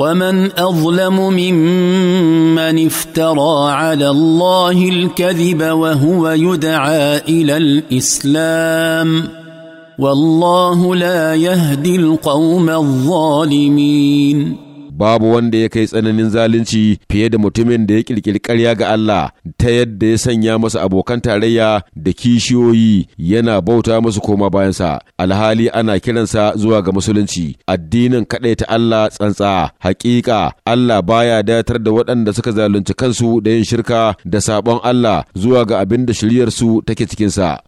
ومن اظلم ممن افترى على الله الكذب وهو يدعى الى الاسلام والله لا يهدي القوم الظالمين babu wanda ya kai tsananin zalunci fiye da mutumin da ya kirkiri ƙarya ga Allah ta yadda ya sanya masa abokan tarayya da kishiyoyi yana bauta musu koma bayansa alhali ana kiransa zuwa ga musulunci addinin kaɗai ta Allah tsantsa hakika Allah baya datar da waɗanda suka zalunci kansu da yin shirka da sabon Allah zuwa ga abin da shiryarsu take cikinsa